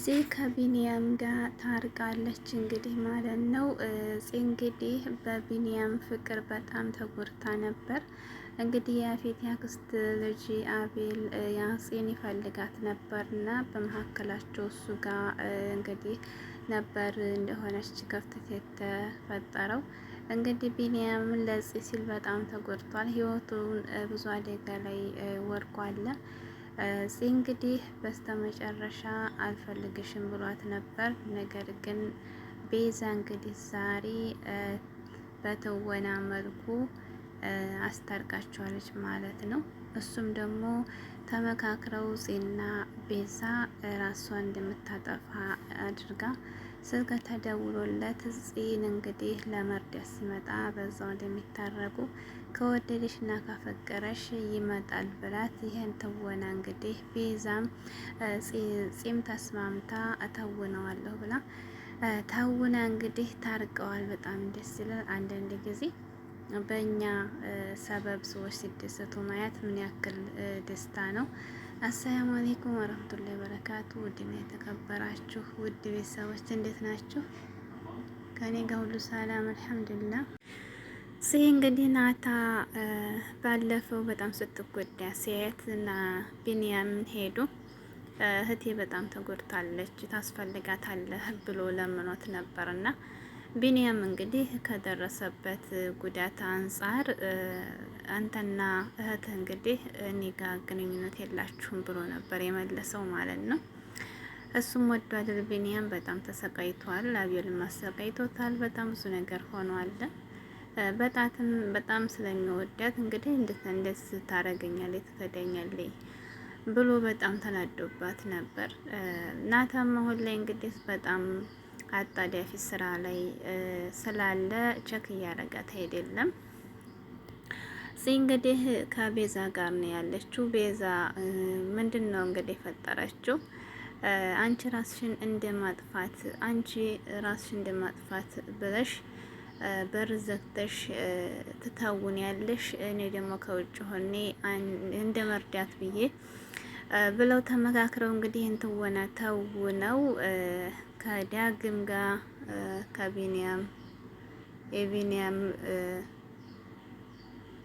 ዜ ከቢንያም ጋር ታርቃለች እንግዲህ ማለት ነው። ዜ እንግዲህ በቢንያም ፍቅር በጣም ተጎድታ ነበር። እንግዲህ የፊት ያክስት ልጅ አቤል ያጼን ይፈልጋት ነበር እና በመካከላቸው እሱ ጋር እንግዲህ ነበር እንደሆነች ክፍተት የተፈጠረው። እንግዲህ ቢንያም ለጽ ሲል በጣም ተጎድቷል። ህይወቱን ብዙ አደጋ ላይ ወድቋል። እዚህ እንግዲህ በስተመጨረሻ አልፈልግሽም ብሏት ነበር። ነገር ግን ቤዛ እንግዲህ ዛሬ በትወና መልኩ አስታርቃቸዋለች ማለት ነው። እሱም ደግሞ ተመካክረው ዜና ቤዛ ራሷን እንደምታጠፋ አድርጋ ስልክ ተደውሎለት ጽን እንግዲህ ለመርዳት ሲመጣ በዛው እንደሚታረጉ ከወደደሽ እና ካፈቀረሽ ይመጣል ብላት ይህን ትወና እንግዲህ ቤዛም ጺም ተስማምታ እተውነዋለሁ ብላ ተውና እንግዲህ ታርቀዋል። በጣም ደስ ይላል። አንዳንድ ጊዜ በእኛ ሰበብ ሰዎች ሲደሰቱ ማየት ምን ያክል ደስታ ነው። አሰላሙ አሌይኩም ወረህመቱላሂ ወበረካቱ። ውድና የተከበራችሁ ውድ ቤተሰቦች እንዴት ናችሁ? ከኔ ጋር ሁሉ ሰላም አልሐምዱሊላህ። ይህ እንግዲህ ናታ ባለፈው በጣም ስትጎዳ ሴት እና ቢንያምን ሄዱ እህቴ በጣም ተጎድታለች ታስፈልጋታለህ ብሎ ለምኖት ነበርና ቢንያም እንግዲህ ከደረሰበት ጉዳት አንጻር አንተና እህት እንግዲህ እኔ ጋር ግንኙነት የላችሁም ብሎ ነበር የመለሰው ማለት ነው። እሱም ወዶ አድር ቢንያም በጣም ተሰቃይቷል። አብዮልም አሰቃይቶታል። በጣም ብዙ ነገር ሆኗል። በጣትም በጣም ስለሚወዳት እንግዲህ እንዴት እንደዚህ ታደርገኛለች ትከዳኛለች ብሎ በጣም ተናዶባት ነበር። ናታም አሁን ላይ እንግዲህ በጣም አጣዳፊ ስራ ላይ ስላለ ቸክ እያረጋት አይደለም። እዚህ እንግዲህ ከቤዛ ጋር ነው ያለችው። ቤዛ ምንድን ነው እንግዲህ የፈጠረችው አንቺ ራስሽን እንደማጥፋት አንቺ ራስሽን እንደማጥፋት ብለሽ በር ዘግተሽ ትታውን ያለሽ እኔ ደግሞ ከውጭ ሆኔ እንደ መርዳት ብዬ ብለው ተመካክረው እንግዲህ እንትወና ተው ነው ከዳግም ጋር ከቢኒያም የቢኒያም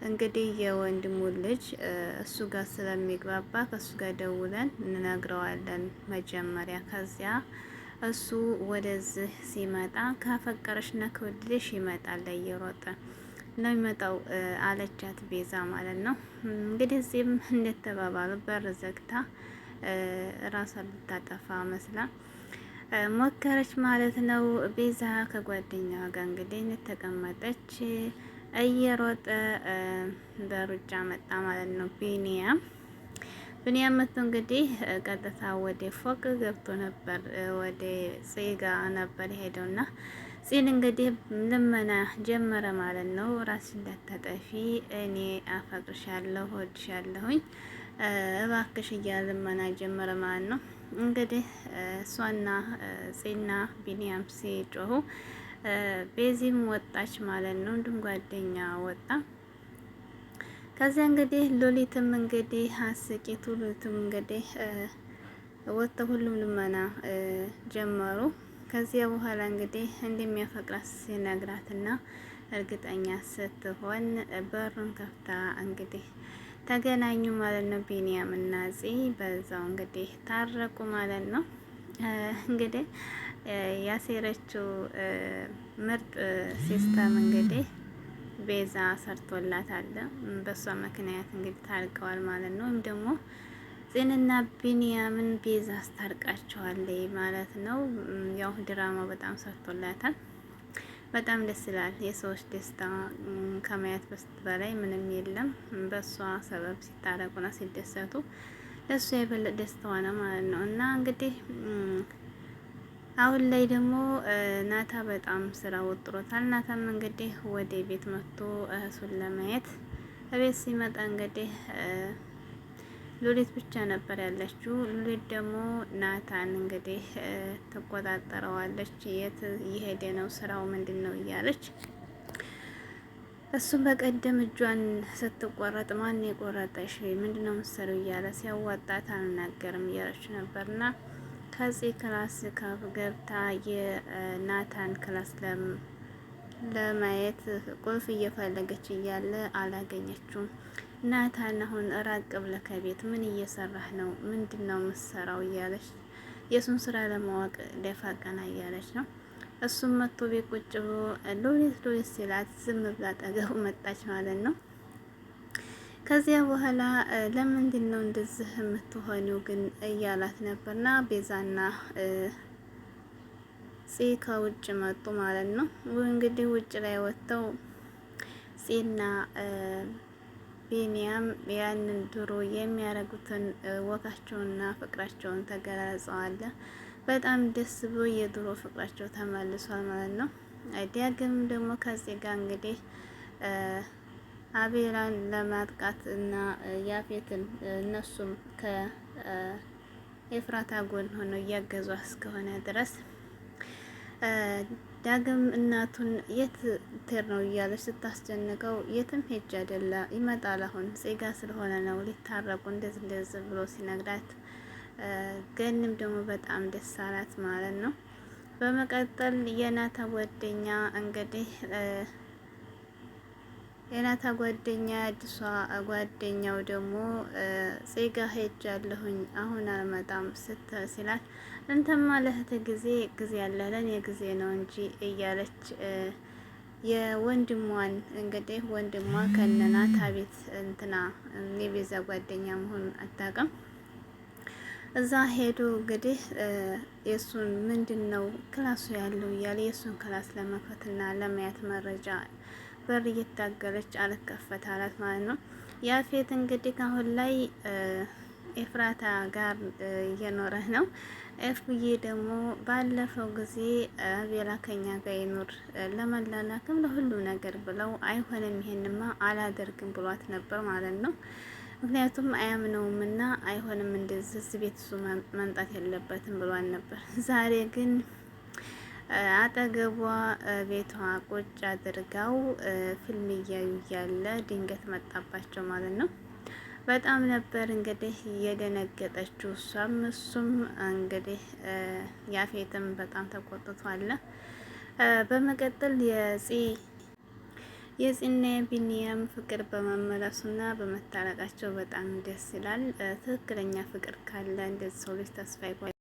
እንግዲህ የወንድሙ ልጅ እሱ ጋር ስለሚግባባ ከእሱ ጋር ደውለን እንነግረዋለን መጀመሪያ። ከዚያ እሱ ወደዚህ ሲመጣ ካፈቀረሽ ና ከወደደሽ ይመጣል ላይ እየሮጠ ነው የሚመጣው አለቻት ቤዛ ማለት ነው። እንግዲህ እዚህም እንደተባባሉ በር ዘግታ ራሷን ልታጠፋ መስላ ሞከረች ማለት ነው። ቤዛ ከጓደኛዋ ጋር እንግዲህ ተቀመጠች። እየሮጠ በሩጫ መጣ ማለት ነው ቢኒያም ብንያም መቶ እንግዲህ ቀጥታ ወደ ፎቅ ገብቶ ነበር። ወደ ጽጋ ነበር ሄደው ሄደውና ጽን እንግዲህ ልመና ጀመረ ማለት ነው። ራስ እንዳታጠፊ እኔ አፈቅርሻለሁ፣ እወድሻለሁኝ እባክሽ እያ ልመና ጀመረ ማለት ነው። እንግዲህ እሷና ዜና ቢኒያም ሲጮሁ ቤዚም ወጣች ማለት ነው። እንዲሁም ጓደኛ ወጣ። ከዚያ እንግዲህ ሎሊትም እንግዲህ አስቂቱ ሎሊትም እንግዲህ ወጥተው ሁሉም ልመና ጀመሩ። ከዚያ በኋላ እንግዲህ እንደሚያፈቅራት ሲነግራትና እርግጠኛ ስትሆን በሩን ከፍታ እንግዲህ ተገናኙ ማለት ነው። ቢኒያም እና ጺ በዛው እንግዲህ ታረቁ ማለት ነው። እንግዲህ ያሴረችው ምርጥ ሲስተም እንግዲህ ቤዛ ሰርቶላታል። በሷ ምክንያት እንግዲህ ታርቀዋል ማለት ነው። ወይም ደግሞ ጺንና ቢኒያምን ቤዛ አስታርቃቸዋለች ማለት ነው። ያው ድራማ በጣም ሰርቶላታል። በጣም ደስ ይላል። የሰዎች ደስታ ከማየት በላይ ምንም የለም። በእሷ ሰበብ ሲታረቁና ሲደሰቱ ለእሷ የበለጠ ደስታ ነው ማለት ነው እና እንግዲህ አሁን ላይ ደግሞ ናታ በጣም ስራ ወጥሮታል። ናታም እንግዲህ ወደ ቤት መጥቶ እህሱን ለማየት ቤት ሲመጣ እንግዲህ ሉሊት ብቻ ነበር ያለችው። ሉሊት ደግሞ ናታን እንግዲህ ትቆጣጠረዋለች። የት እየሄደ ነው? ስራው ምንድን ነው? እያለች እሱም በቀደም እጇን ስትቆረጥ ማን የቆረጠሽ ምንድን ነው የምትሰሪው? እያለ ሲያዋጣት አልናገርም እያለች ነበርና ከዚህ ክላስ ከፍ ገብታ የናታን ክላስ ለማየት ቁልፍ እየፈለገች እያለ አላገኘችውም። ናታን አሁን ራቅ ብለህ ከቤት ምን እየሰራህ ነው? ምንድን ነው የምትሰራው? እያለች የእሱን ስራ ለማወቅ ደፋ ቀና እያለች ነው። እሱም መጥቶ ቤት ቁጭ ብሎ ሎሌት ሎሌት ሲላት ዝም ብላ አጠገቡ መጣች ማለት ነው። ከዚያ በኋላ ለምንድን ነው እንደዚህ የምትሆኒው ግን እያላት ነበርና ቤዛና ፂ ከውጭ መጡ ማለት ነው። እንግዲህ ውጭ ላይ ወጥተው ፂና ቢኒያም ያንን ድሮ የሚያደርጉትን ወጋቸውንና ፍቅራቸውን ተገላጸዋል። በጣም ደስ ብሎ የድሮ ፍቅራቸው ተመልሷል ማለት ነው። ዲያግም ደግሞ ከዚህ ጋር እንግዲህ አቤላን ለማጥቃት እና ያፌትን እነሱም ከኤፍራታ ጎን ሆነው እያገዟ እስከሆነ ድረስ ዳግም እናቱን የት ትር ነው እያለች ስታስጨንቀው የትም ሄጅ አይደለ ይመጣል፣ አሁን ጼጋ ስለሆነ ነው ሊታረቁ እንደዚህ እንደዚህ ብሎ ሲነግራት ገንም ደግሞ በጣም ደስ አላት ማለት ነው። በመቀጠል የናታ ጓደኛ እንግዲህ የናታ ጓደኛ አዲሷ ጓደኛው ደግሞ ጼጋ ሄጅ አለሁኝ አሁን አልመጣም ስት ሲላት እንተማ ለእህት ጊዜ ጊዜ ያለ ለኔ ጊዜ ነው እንጂ እያለች የወንድሟን እንግዲህ ወንድሟ ከነናታ ቤት እንትና የቤዛ ጓደኛ መሆኑን አታውቅም። እዛ ሄዱ እንግዲህ የእሱን ምንድን ነው ክላሱ ያለው እያለ የእሱን ክላስ ለመክፈትና ለማየት መረጃ በር እየታገለች አልከፈት አላት ማለት ነው። ያፌት እንግዲህ አሁን ላይ ኤፍራታ ጋር እየኖረ ነው። ኤፍዬ ደግሞ ባለፈው ጊዜ ቤላ ከኛ ጋር ይኑር ለመላላክም ለሁሉ ነገር ብለው አይሆንም ይሄንማ አላደርግም ብሏት ነበር ማለት ነው። ምክንያቱም አያምነውም እና አይሆንም እንደዚህ ቤት እሱ መምጣት የለበትም ብሏት ነበር። ዛሬ ግን አጠገቧ ቤቷ ቁጭ አድርጋው ፊልም እያዩ እያለ ድንገት መጣባቸው ማለት ነው። በጣም ነበር እንግዲህ የደነገጠችው። እሷም እሱም እንግዲህ ያፌትም በጣም ተቆጥቷል። በመቀጠል የጽ የጽና ቢኒያም ፍቅር በመመለሱና በመታረቃቸው በጣም ደስ ይላል። ትክክለኛ ፍቅር ካለ እንደዚህ ሰው ልጅ ተስፋ